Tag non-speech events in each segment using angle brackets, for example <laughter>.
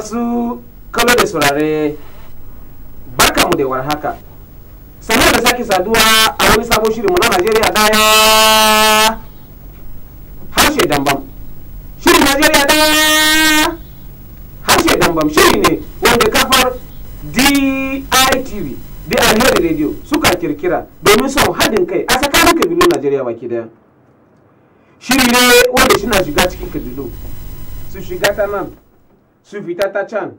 masu kallo da saurare barka mu da haka sanar da sake saduwa a wani sabon shirinmu na najeriya daya harshe dambam shirin najeriya daya harshe dambam shiri ne wanda kafar ditv da alheri radio suka kirkira domin son haɗin kai a tsakanin kabilun najeriya baki daya shiri ne wanda shi na shiga cikin kabilu su shiga ta nan su fita ta can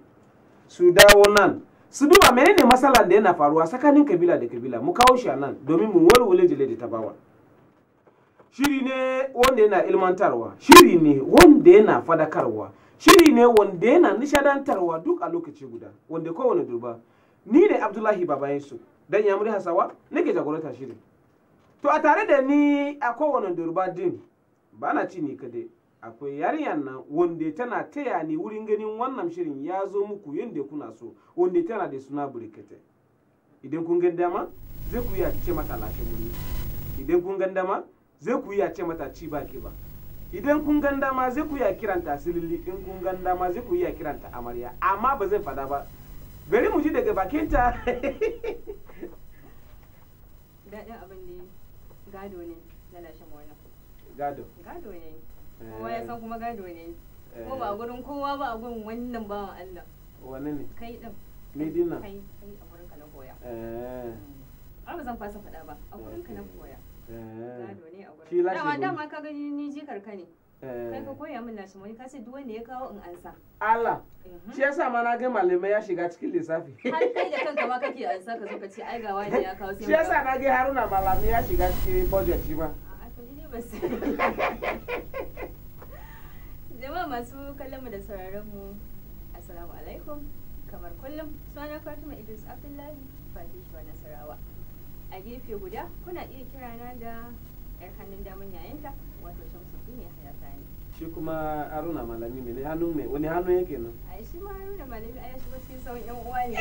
su dawo nan su duba menene matsalar da yana faruwa tsakanin kabila da kabila mu kawo shi nan domin mu walwale jile da tabawa shiri ne wanda yana ilmantarwa shiri ne wanda yana fadakarwa shiri ne wanda yana nishadantarwa duk a lokaci guda wanda kowane duba ni ne abdullahi baba yesu dan muri hasawa nake jagorata shirin to a tare da ni a kowane durba din bana na ci ni kadai akwai yarinyar nan wanda tana taya ni wurin ganin wannan shirin ya zo muku yadda kuna so wanda tana da suna burkete idan kun gan dama zai ku iya ce mata lashe muni idan kun gan dama zai ku iya ce mata ci ba ki ba idan kun gan dama zai ku iya kiranta silili in kun gan dama zai ku iya kiranta amarya amma ba zai fada ba bari mu ji daga bakinta <laughs> daɗin abin ne gado ne na lashe gado gado ne kowa ya san kuma gado ne eh. kuma ba a gurin kowa ba a gurin wannan bawan Allah wani ne kai din ni dina kai kai a gurin ka na koya eh hmm. ba zan fasa faɗa ba a gurin ka na koya eh. gado ne a gurin dama dama ka gani ni jikar ka ne eh. kai ka koya min nashi wani kasi duk wanda ya kawo in ansa Allah mhm. shi yasa ma na ga malamai ya shiga cikin lissafi har kai da kanka ma kake ansa ka zo ka ce ai ga wani ya kawo sai shi yasa na ga Haruna malamai ya shiga cikin budget shi ma a to ni ba sai <laughs> masu kallon mu da sauraron mu assalamu alaikum kamar kullum suna fatima idris abdullahi fatishuwa nasarawa a gefe guda kuna iya kirana da yar hannun damun yayinka wato shamsuddin ya haya sani shi kuma haruna malami ne hannu mai wani hannu yake nan a shi ma haruna malami a yashi wasu sauran yan uwa ne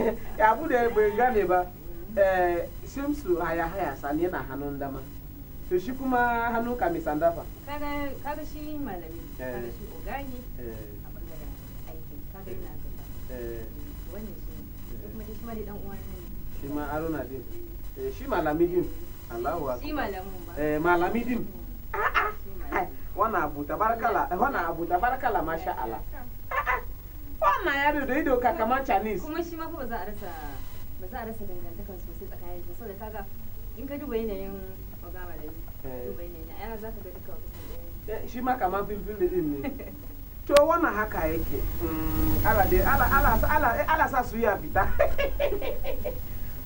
<laughs> ya bude bai gane ba eh, shamsu haya haya sani yana hannun dama to shi kuma hannu ka mai sanda fa kaga kaga shi malami eh. kaga shi ogani eh. a bangaren aikin kaga yana gaba eh. wani shi kuma shi ma da dan uwan shi ma aruna din shi malami din Allahu akbar shi malamin ba eh malami din a'a ah, ah. wannan abu tabarkala wannan abu masha Allah ah, wannan ya rido ido ka kamar Chinese kuma shi ma ba za a rasa ba za a rasa dangantakan sosai tsakanin su saboda kaga in ka duba yanayin oga malami dubai ne na za shi ma kamar filfil din ne to wannan haka yake ala dai ala ala ala ala sa su ya fita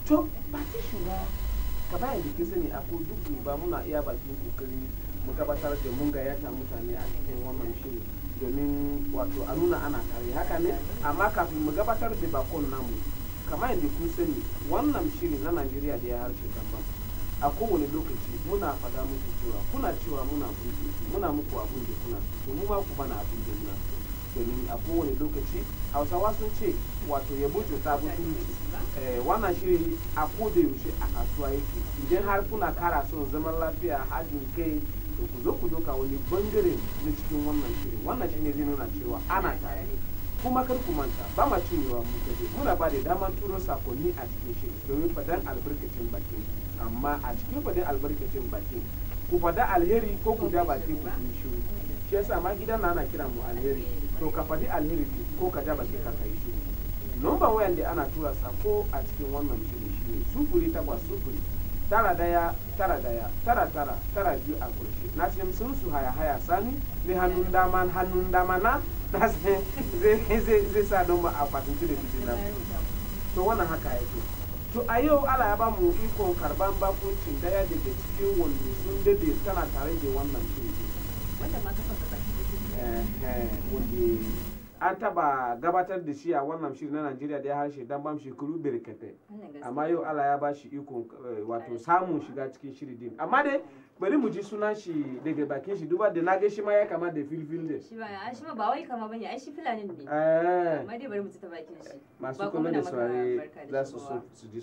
to ba ta shiga ka bayan da ke sani akwai duk ba muna iya bakin kokari mu gabatar da mun gayyata mutane a cikin wannan shiri domin wato a nuna ana tare haka ne amma kafin mu gabatar da bakon namu kama yadda kun sani wannan shiri na najeriya da ya harshe kan a kowane lokaci muna fada muku cewa kuna cewa muna burge ku muna muku abin da kuna so mu ma ku bana abin da muna so domin a kowane lokaci hausawa sun ce wato yabo kyauta butulci eh, wannan shiri a koda yaushe a kasuwa yake idan har kuna kara son zaman lafiya hajin kai to ku zo ku doka wani bangare na cikin wannan shirin wannan ne zai nuna cewa ana tare kuma kar ku manta ba ma cinyewa mu kaje muna ba da daman turo sakonni a cikin shirin domin fadan albarkacin bakin ku amma a cikin fadin albarkacin baki ku fada alheri ko ku ja baki ku yi shi shi yasa ma gidan na ana kira mu alheri to ka fadi alheri ko ka ja baki ka kai shi nomba wayan da ana tura sako a cikin wannan shirin shi ne sufuri takwas sufuri tara daya tara daya tara tara tara biyu a kurshe na ce sun su haya haya sani ne hannun dama hannun dama na <laughs> zai sa nomba a fatin da to wannan haka yake to a yau ala ya ba mu iko karban bakuncin daya daga cikin wanda sun dade tana tare da wannan shiri wanda ma ta fasa wanda an taba gabatar da shi a wannan shiri na najeriya da ya harshe dan shi shekaru birkate amma yau allah ya ba shi iko eh, wato samun shiga cikin shiri din amma dai bari mu ji sunan shi daga bakin shi duba da na ga shi ma ya kama da filfil da shi ba shi ba wai kama bane ai shi filanin ne eh. amma dai bari mu ji ta bakin shi masu kuma da saurare za su so su ji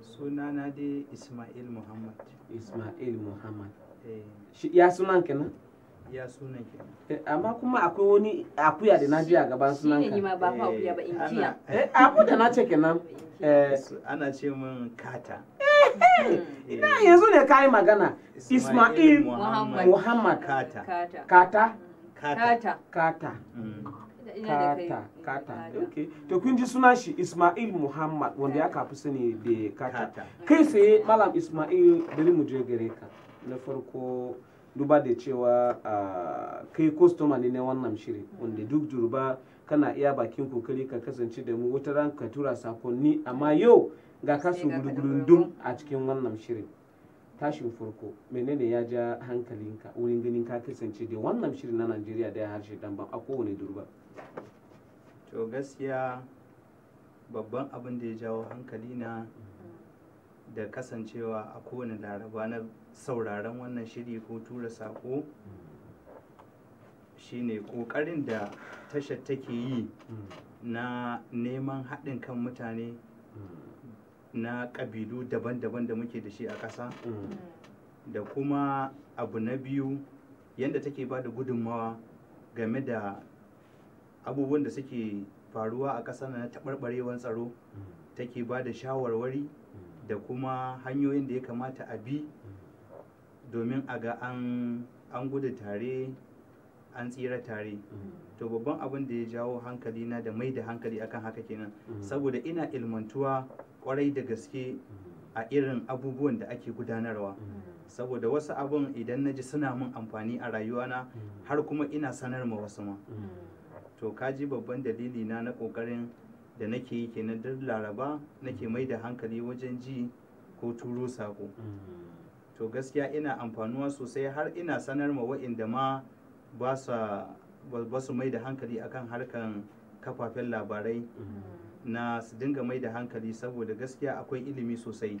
sunana dai ismail muhammad ismail muhammad eh. ya sunan kenan ya sunan ki eh, amma kuma akwai wani akuya da na ji a gaban sunan ka ma ba fa akuya ba inkiya eh, eh abu da na ce kenan eh ana ce min kata ina eh, yanzu ne kai magana Ismail Muhammad kata kata kata kata kata kata okay to kun ji sunan shi Ismail Muhammad wanda ya kafi sani da kata kai sai malam Ismail bari mu je gare ka na farko duba da cewa kai kostoma ne na wannan shiri wanda duk juruba kana iya bakin kokari ka kasance da mu wata ran ka tura sakonni amma yau ga kasu gudugudundum a cikin wannan shirin tashin farko menene ya ja hankalinka wurin ganin ka kasance da wannan shirin na najeriya da ya harshe dan a kowane durba to gaskiya babban abin da ya jawo hankali na da kasancewa a kowane laraba na sauraron wannan shiri ko tura saƙo shine ƙoƙarin da tasha take yi na neman haɗin kan mutane na ƙabilu daban-daban da muke da shi a ƙasa da kuma abu na biyu yadda take ba da gudunmawa game da abubuwan da suke faruwa a ƙasa na taɓarɓarewar tsaro take ba da shawarwari da kuma hanyoyin da ya kamata a bi domin a ga an gudu tare an tsira tare mm. to babban abin da ya jawo hankali na da mai da hankali akan haka kenan mm. saboda ina ilmantuwa kwarai da gaske mm. a irin abubuwan da ake gudanarwa saboda wasu abun idan na ji suna min amfani a rayuwana har kuma ina sanar ma wasu ma to kaji babban dalili na na kokarin da nake yi kenan duk laraba nake mai da hankali wajen ji ko turo sako to gaskiya ina amfanuwa sosai har ina sanar ma wa'inda ma ba su mai da hankali akan harkan kafafen labarai mm-hmm. na su dinga mai da hankali saboda gaskiya akwai ilimi sosai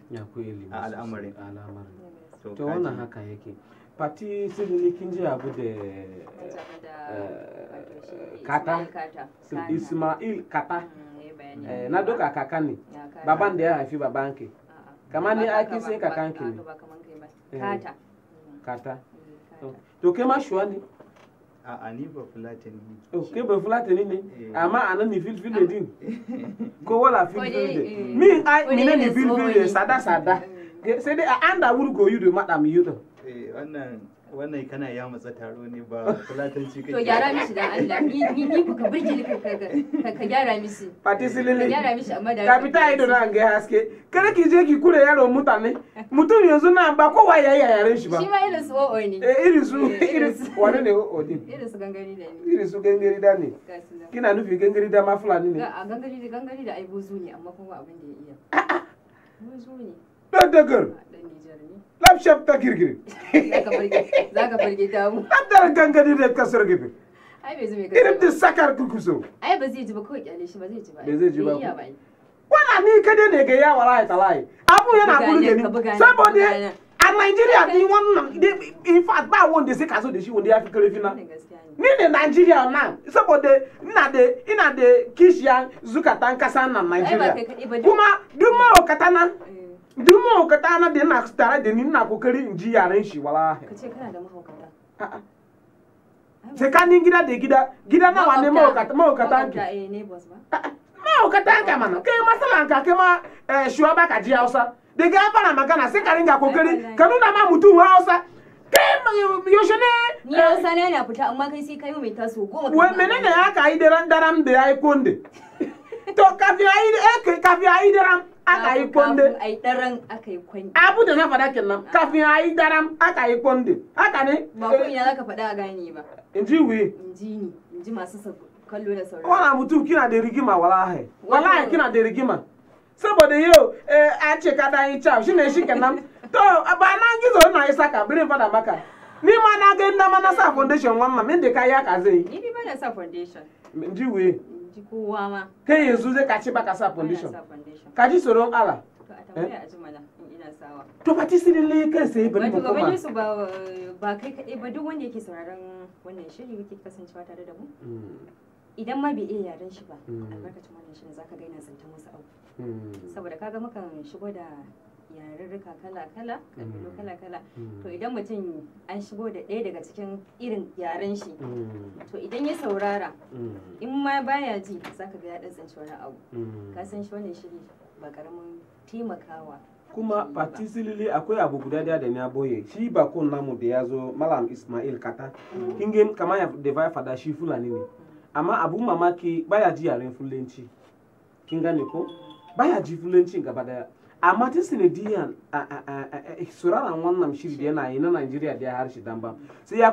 a al'amarin to wannan haka yake fati sirri kin ji abu da eh, kata ismail kata mm, eh, eh, na duka kaka ne baban da ya haifi babanki kamar ni aiki sai kakanki ne kata mm. kata mm, oh. to ke ma sua ne a ah, ah, ni ba fulatani ne oh, ke ba fulatani ne eh. amma a nan ni filfil de din <laughs> ko wala filfil da min ai mina ni filfil de sada sada eh. sai dai a anda wuri go yudo madam yudo eh, wannan wannan kana ya matsa taro ne ba <laughs> fulatanci kake to gyara mishi da Allah ni ni ni ka burge ka ka gyara mishi silili ka gyara mishi amma da ka fita ido na ga haske kada ki je ki kure yaro mutane mutum yanzu na ba kowa ya yi yaren shi ba shi ma irin su o'o ne eh irin su eh, irin su <laughs> wane ne o'o din irin su gangari da ne irin su gangari da ne kina nufi gangari da ma fulani ne a gangari da gangari da ai bozu ne amma kuma abin da ya iya ah, ah. bozu ne <laughs> da dagar lafshaf ta girgiri zaka farge ta mu abdar gangani da kasar gibi irin da sakar kukuso ai ba zai ji ba kawai kyale shi ba zai ji ba zai ji ba wala ni kada ne ga ya rai talai abu yana burge ni saboda a Nigeria ni wannan in fact ba wanda sai kaso da shi wanda ya fi na ni ne Nigeria na saboda ina da ina da kishiya zukatan kasa na Nigeria kuma duk ma okata nan duk mahaukata na da yana tare da ni na kokari in ji yaren shi wallahi ka ce kana da mahaukata tsakanin gida da gida gida nawa ne mahaukata mahaukata ne mahaukata eh, ka mana kai masalan ka kai ma eh, shuwa ka ji hausa daga ya fara magana sai ka ringa kokari ka nuna ma mutum hausa kai yaushe ne ni eh, hausa ne na fita amma kai sai kai mai taso goma wai menene ya ka yi daren daram da ya yi konde <laughs> to kafin a yi daren aka yi kwande abu da na faɗa kenan kafin a yi daram aka yi kwande haka ne ba eh. kun ya zaka faɗa a gane ba in ji wuye in ji ni in ji masu kallo da sauraro wannan mutum kina da rigima wallahi wallahi kina da rigima saboda yau eh, a ce ka dan yi chow shine shi kenan <laughs> to ba nan gizo na yi saka birin faɗa maka ni ma na ga inda ma na sa foundation wannan min da kai ya ka zai ni ba na sa foundation in ji wuye ji kai yanzu zai ka ce baka sa foundation ka ji tsoron Allah to ba ti sirin ji kan sai bari mu koma wato ba ba kai kaɗai ba duk wanda yake sauraron wannan shiri yake kasancewa tare da mu mm. idan ma bai iya yaren shi ba mm. albarkacin wannan shirin zaka ga yana zantan wasu abu mm. saboda kaga mukan shigo da yarurruka kala-kala kabilu mm. kala-kala to mm. idan mutum an shigo da ɗaya daga cikin irin yaren shi mm. to idan ya saurara in ma baya ji zaka ga ya ɗan tsanci wani abu ka san shi wannan shiri ba karamin taimakawa kuma particularly akwai abu guda daya da na boye shi bakon namu da ya zo malam ismail kata kingin kama ya da fada shi fulani ne amma abu mamaki baya ji yaren fulanci kin gane ko baya ji fulanci gaba daya amma ta sanadiyan eh, sauraron wannan shiri da yanayi na nigeria da ya harshe dan ba sai ya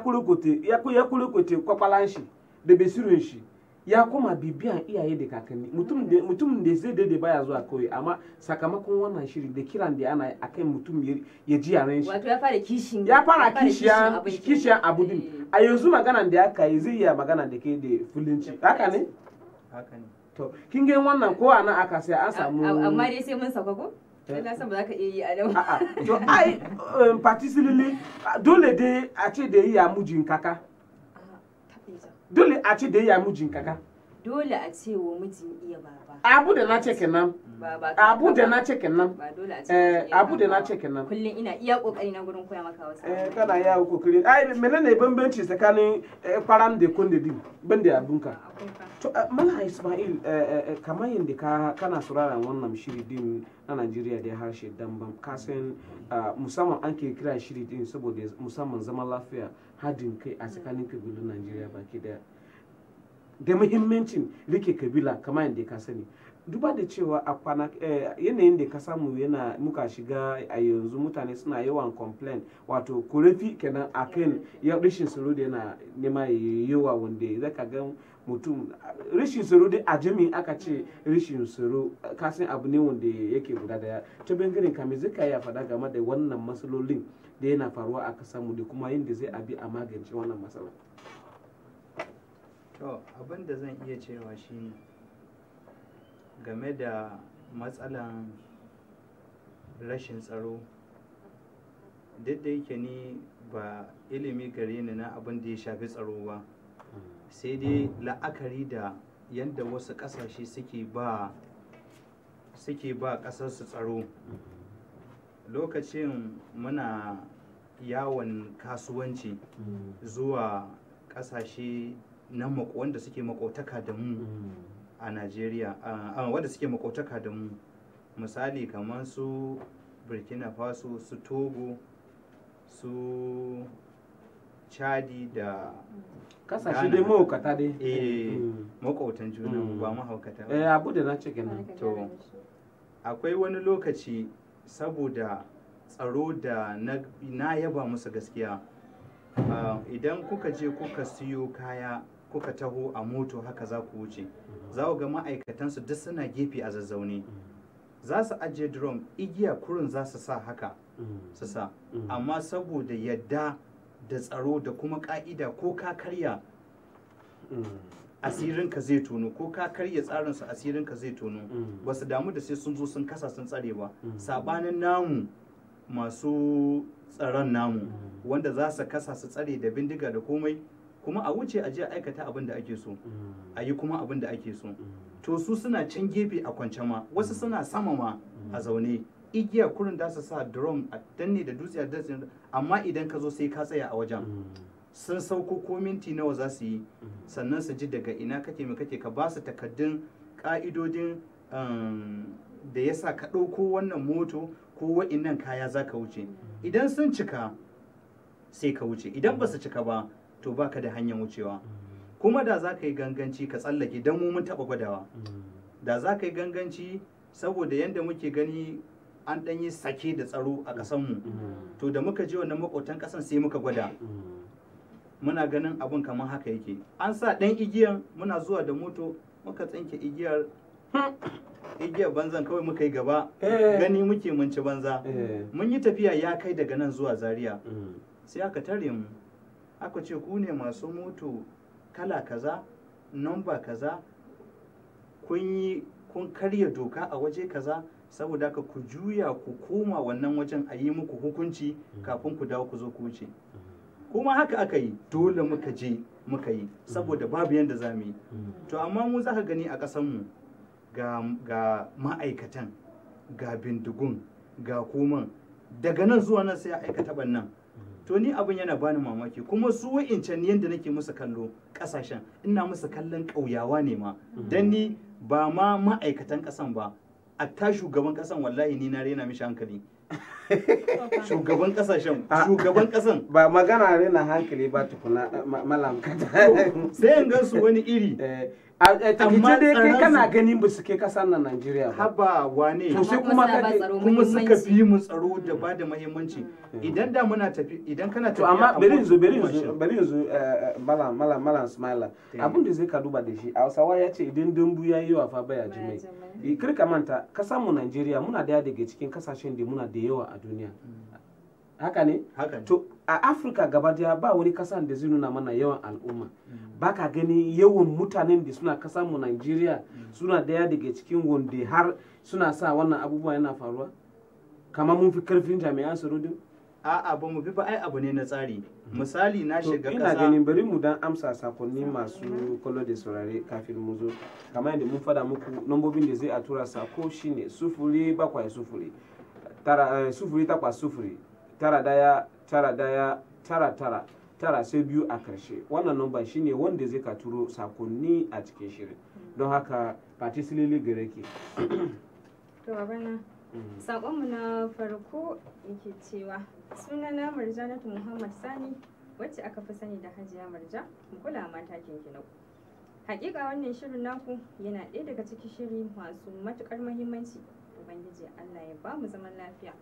y'a kurkute kwakwalan shi da besirin shi ya kuma bibiyan iyaye da kakanni mutum da zai daidai baya zuwa kawai amma sakamakon wannan shiri da kiran da ana kan mutum ya ji yaren shi ya fara kishiyan abu din eh. a yanzu magana da ya yi zai yi magana da ke da fulinci haka ne haka ne to kin ga wannan ko anan aka sai an samu amma dai sai mun sauka ko na san yi a ai particularly eh, dole dai a ce da yi ya kaka dole a ce da yi ya mujin kaka dole a ce wa mijin iya baba abu da na ce kenan abu da na ce kenan ba dole a ce eh, abu da na ce kenan kullum ina iya kokari na gurin koya maka wasu eh kana iya kokari ai menene bambanci tsakanin kwaram eh, da kun da din ban da abunka to eh, mala ismail kamar yadda ka kana sauraron wannan shiri din na Najeriya da harshe dambam kasan ah, musamman an ke kira shiri din saboda musamman zaman lafiya hadin kai a tsakanin kabilun Najeriya baki daya da muhimmancin rike kabila kamar yadda ka sani duba da cewa a kwana eh, yanayin da ka samu yana muka shiga a yanzu mutane suna yawan complain wato korafi kenan akan ya rashin tsaro da yana nema yawa wanda zaka ga mutum rashin tsaro dai a jami aka ce rashin tsaro kasan abu ne wanda yake guda daya ta bangaren kame zika ya faɗa game da wannan matsalolin da yana faruwa a kasanmu da kuma yin da zai abi a magance wannan matsalolin to abin da zan iya cewa shi ne game da matsalan rashin tsaro duk da yake ni ba ilimi gare ni na abin da ya shafi tsaro ba sai dai la'akari da yadda wasu ƙasashe suke ba suke ba ƙasarsu tsaro lokacin muna yawon kasuwanci mm. zuwa ƙasashe na wanda suke makotaka da mu mm. a Najeriya wanda suke makotaka da mu misali kamar su Burkina Faso su Togo su Chadi da kasashe dai maukata dai eh mm. makotan juna ba mm. mahaukata eh abu da na ce kenan to akwai wani lokaci saboda tsaro da na yaba musu gaskiya ah, idan kuka je kuka siyo kaya kuka taho a moto haka za ku wuce za ku ga ma'aikatansu duk suna gefe a zazzaune za su ajiye drum igiya kurin za su sa haka su sa amma saboda yadda da tsaro da kuma ka'ida ko ka karya asirinka zai tono ko ka karya tsarinsu asirinka zai tono ba su damu da sai sun zo sun kasa sun tsare ba sabanin namu masu tsaron namu wanda za su kasa su tsare da bindiga da komai kuma a wuce a je a aikata abin da ake so mm. a yi kuma abin da ake so mm. to su suna can gefe a kwance ma wasu mm. suna sama ma a zaune igiya kurin da su sa drum a danne da dutse a dutse amma idan ka zo sai ka tsaya a wajen sun sauko ko minti nawa za su yi sannan su ji daga ina kake mai kake ka ba su takaddun ka'idodin um, da ya sa ka ɗauko wannan moto ko wa'innan kaya za ka wuce idan sun cika sai ka wuce idan ba su cika ba to baka da hanyar wucewa kuma da za ka yi ganganci ka tsallake don mu mun taɓa gwadawa da za ka yi ganganci saboda yadda muke gani an ɗan yi sake da tsaro a ƙasanmu to da muka je wannan maƙotan ƙasan sai muka gwada muna ganin abin kamar haka yake an sa ɗan igiyan muna zuwa da moto muka tsinke igiyar igiyar banzan kawai muka yi gaba eh. gani muke mun ci banza eh. mun yi tafiya ya kai daga nan zuwa Zariya. Mm. sai aka tare mu aka ce ku ne masu moto kala kaza nomba kaza kun yi kun karya doka a waje kaza saboda ka ku juya ku koma wannan wajen a yi muku hukunci mm. kafin ku dawo ku zo ku wuce mm. kuma haka aka yi dole muka je muka yi mm. saboda babu yadda za mu yi to amma mu za ka gani a ƙasanmu ga ma'aikatan ga bindigun ga koman daga nan zuwa nan sai a aikata nan to ni abin yana bani mamaki kuma su wa'incan yadda nake musu kallo kasashen ina musu kallon ƙauyawa ne ma mm-hmm. dan ni ba ma ma'aikatan kasan ba a ta shugaban kasan wallahi ni na rena mishi hankali <laughs> shugaban kasashen ah. shugaban kasan ba magana rena hankali ba tukuna malam sai in gan su wani iri eh, a eh, dai kana ganin ba su kai kasar nan Najeriya ba haba wane to sai kuma kuma suka fi mu tsaro da ba da muhimmanci mm. idan da muna tafi idan kana tafi amma bari yanzu bari yanzu bari yanzu eh, malam malam malam smiler abin da zai ka duba da shi Hausawa ya ce idan dambu ya yi wafa baya jimai eh, kar ka manta kasar mu Najeriya muna daya daga cikin kasashen da muna da yawa a duniya mm. haka ne haka to a afirka gaba daya ba wani kasan da zai nuna mana yawan al'umma mm. ba ka gani yawan mutanen da suna kasan mu nigeria mm. suna daya daga cikin wanda har suna sa wannan abubuwa yana faruwa kamar mun fi karfin jami'an tsaro din a'a ba mu fi ba ai abu ne na tsari mm-hmm. misali na shiga kasa ina ganin bari mu dan amsa sakonni masu mm-hmm. kallo da saurare kafin mu zo kamar yadda mun fada muku lambobin da zai a tura sako shine sufuri bakwai sufuri tara eh, sufuri takwas sufuri tara daya tara daya tara tara tara sai biyu a karshe wannan numban shine wanda zai ka turo sakonni a cikin shirin don haka patisilili gare ki <coughs> to mm. sakonmu na farko yake cewa sunana marjanatu muhammad sani wacce aka fi sani da hajiya marja mu kula mata kinkinau hakika wannan shirin naku yana ɗaya daga cikin shiri masu matukar muhimmanci ubangiji allah ya ba mu zaman lafiya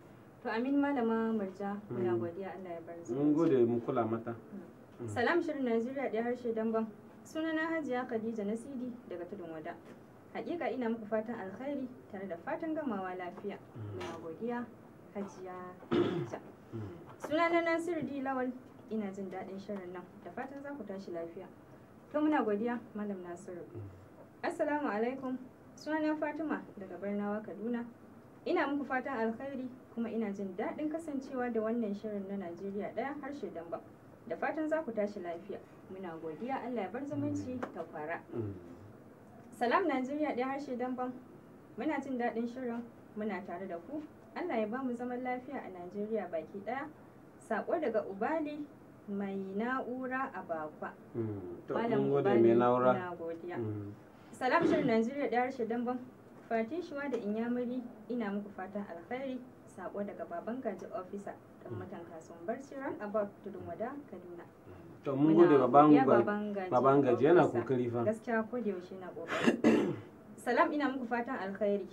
to amin malama murja muna mm. godiya Allah ya bar mun gode mu kula mata mm. Mm. salam shirin Najeriya da harshe damban sunana Hajiya Khadija Nasidi daga Tudun Wada hakika ina muku fatan alkhairi tare da fatan gamawa lafiya muna godiya Hajiya Khadija sunana Nasiru D ina jin daɗin shirin nan da fatan za ku tashi lafiya to muna godiya malam Nasiru assalamu alaikum sunana Fatima daga Barnawa Kaduna Ina muku fatan alkhairi kuma ina jin daɗin kasancewa da wannan shirin na Najeriya ɗaya harshe damba. Da fatan za ku tashi lafiya. Muna godiya Allah ya bar zumunci ta kwara. Salam Najeriya ɗaya harshe damban. Muna jin daɗin shirin muna tare da ku. Allah ya ba mu zaman lafiya a Najeriya baki ɗaya. Sako daga Ubali mai na'ura a bakwa. Hmm, Malam Ubali na godiya. Hmm. Salam shirin Najeriya ɗaya harshe damban. Fatin shuwa da inyamuri ina muku fatan alkhairi sako daga baban gaji ofisa ɗan mutan hmm. kasuwan barci ran about tudun wada kaduna to mun gode baban gaji yana kokari fa gaskiya ko da yaushe na kokari <coughs> salam ina muku fatan alkhairi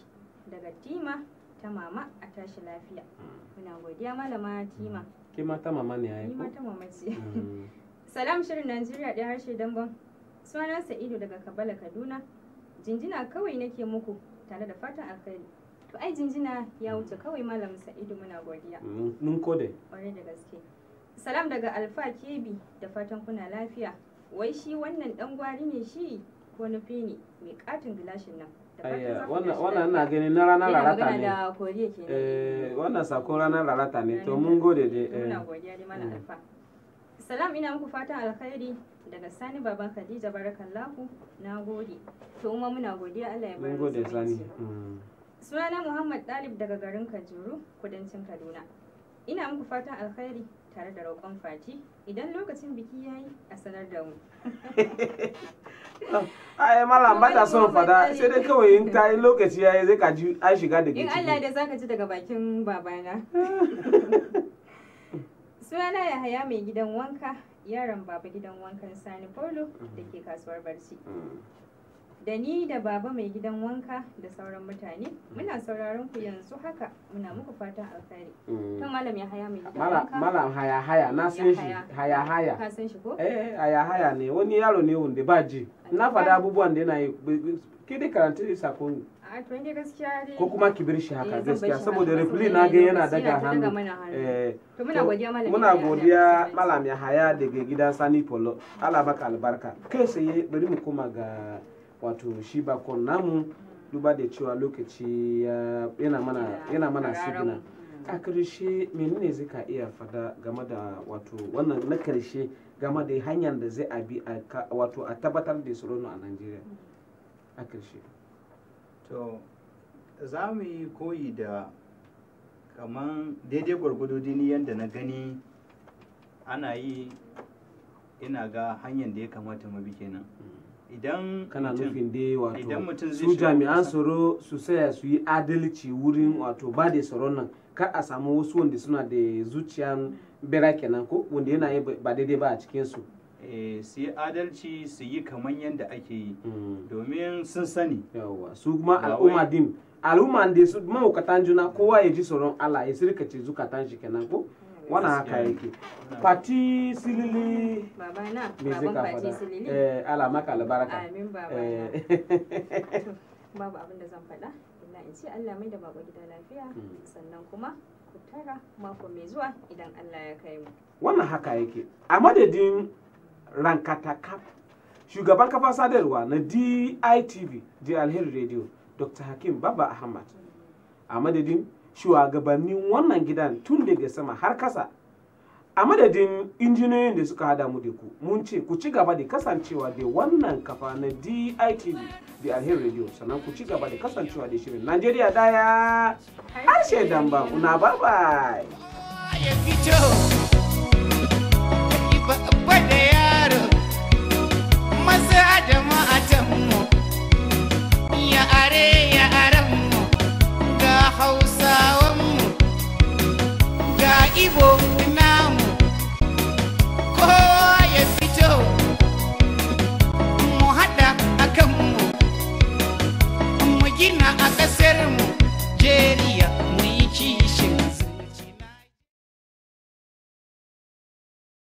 daga tima ta mama a tashi lafiya hmm. muna godiya malama tima hmm. ke ta mama ne ai ta mama ce <laughs> salam shirin najeriya ɗaya harshe dambam sunana sa'idu daga kabala kaduna jinjina kawai nake muku tare da fatan alkhairi to ai jinjina ya wuce kawai malam sa'idu muna godiya mm, mun kode kwarai da gaske salam daga alfa kebi da fatan kuna lafiya wai shi wannan dan gwari ne shi ko nufi ne mai katin gilashin nan wannan ina gani na ranar rarata ne eh, wannan sako ranar rarata ne to mun gode dai muna eh. godiya dai malam mm. alfa salam ina muku fatan alkhairi daga sani baba khadija barakallahu na gode to umma muna godiya allah ya bar gode sani mm. sunana muhammad dalib daga garin kajuru kudancin kaduna ina muku fatan alkhairi tare da roƙon fati idan lokacin biki ya yi a sanar da mu <laughs> ai malam ba ta son fada sai dai kawai in ta yi lokaci ya yi zai ka ji an shiga daga ciki in allah da za ka ji daga bakin babana <laughs> sunana yahaya mai gidan wanka yaran baba gidan wankan sani polo mm-hmm. da ke kasuwar barci mm-hmm. da ni da baba mai gidan wanka da sauran mutane mm-hmm. muna sauraron ku yanzu haka muna muku fatan alfahari. kan malam ya haya mai gidan wanka malam haya haya na san shi haya haya ka san shi ko eh haya haya ne wani yaro ne wanda ba ji na faɗa abubuwan da yana yi ke dai karanta ko kuma ki bar shi haka eh, gaskiya saboda refli na ga yana daga hannu eh, muna godiya malam ya haya daga gida sani polo ala baka albarka kai sai bari mu koma ga wato shi bakon namu duba da cewa lokaci yana mana sigina a karshe menene zai ka iya fada game da wato wannan na karshe game da hanyar da zai abi wato a tabbatar da tsaro a najeriya a ƙarshe to za mu yi koyi da kaman daidai gwargwado dini yadda na gani ana yi ina ga hanyar da ya kamata mu kenan mm. idan kana nufin dai wato su jami'an tsaro su saya su yi adalci wurin mm. wato ba da tsaron nan kar a samu wasu wanda suna da zuciyan bera kenan ko wanda yana yi ba daidai ba a cikin su Eh, su yi adalci su yi kamar yadda ake yi hmm. domin sun sani su kuma al'umma din al'umma da su mahaukatan juna kowa ya ji tsoron Allah ya sirkace zukatan shi kenan ko wana haka yake fati silili babana zai ka fada eh ala maka albaraka amin eh. babu abin da zan fada ina in ce Allah mai da baba gida lafiya hmm. sannan kuma ku tara mako mai zuwa idan Allah ya kai mu wannan haka yake a madadin rankataka shugaban kafar sadarwa na DITV da alheri radio Dr. Hakim Baba Ahmad a madadin shugabannin wannan gidan tun daga sama har kasa a madadin injiniyoyin da suka hada mu da ku mun ce ku ci gaba da kasancewa da wannan kafa na DITV da alheri radio sannan ku ci gaba da kasancewa da shirin Najeriya daya harshe damba una bye bye Oh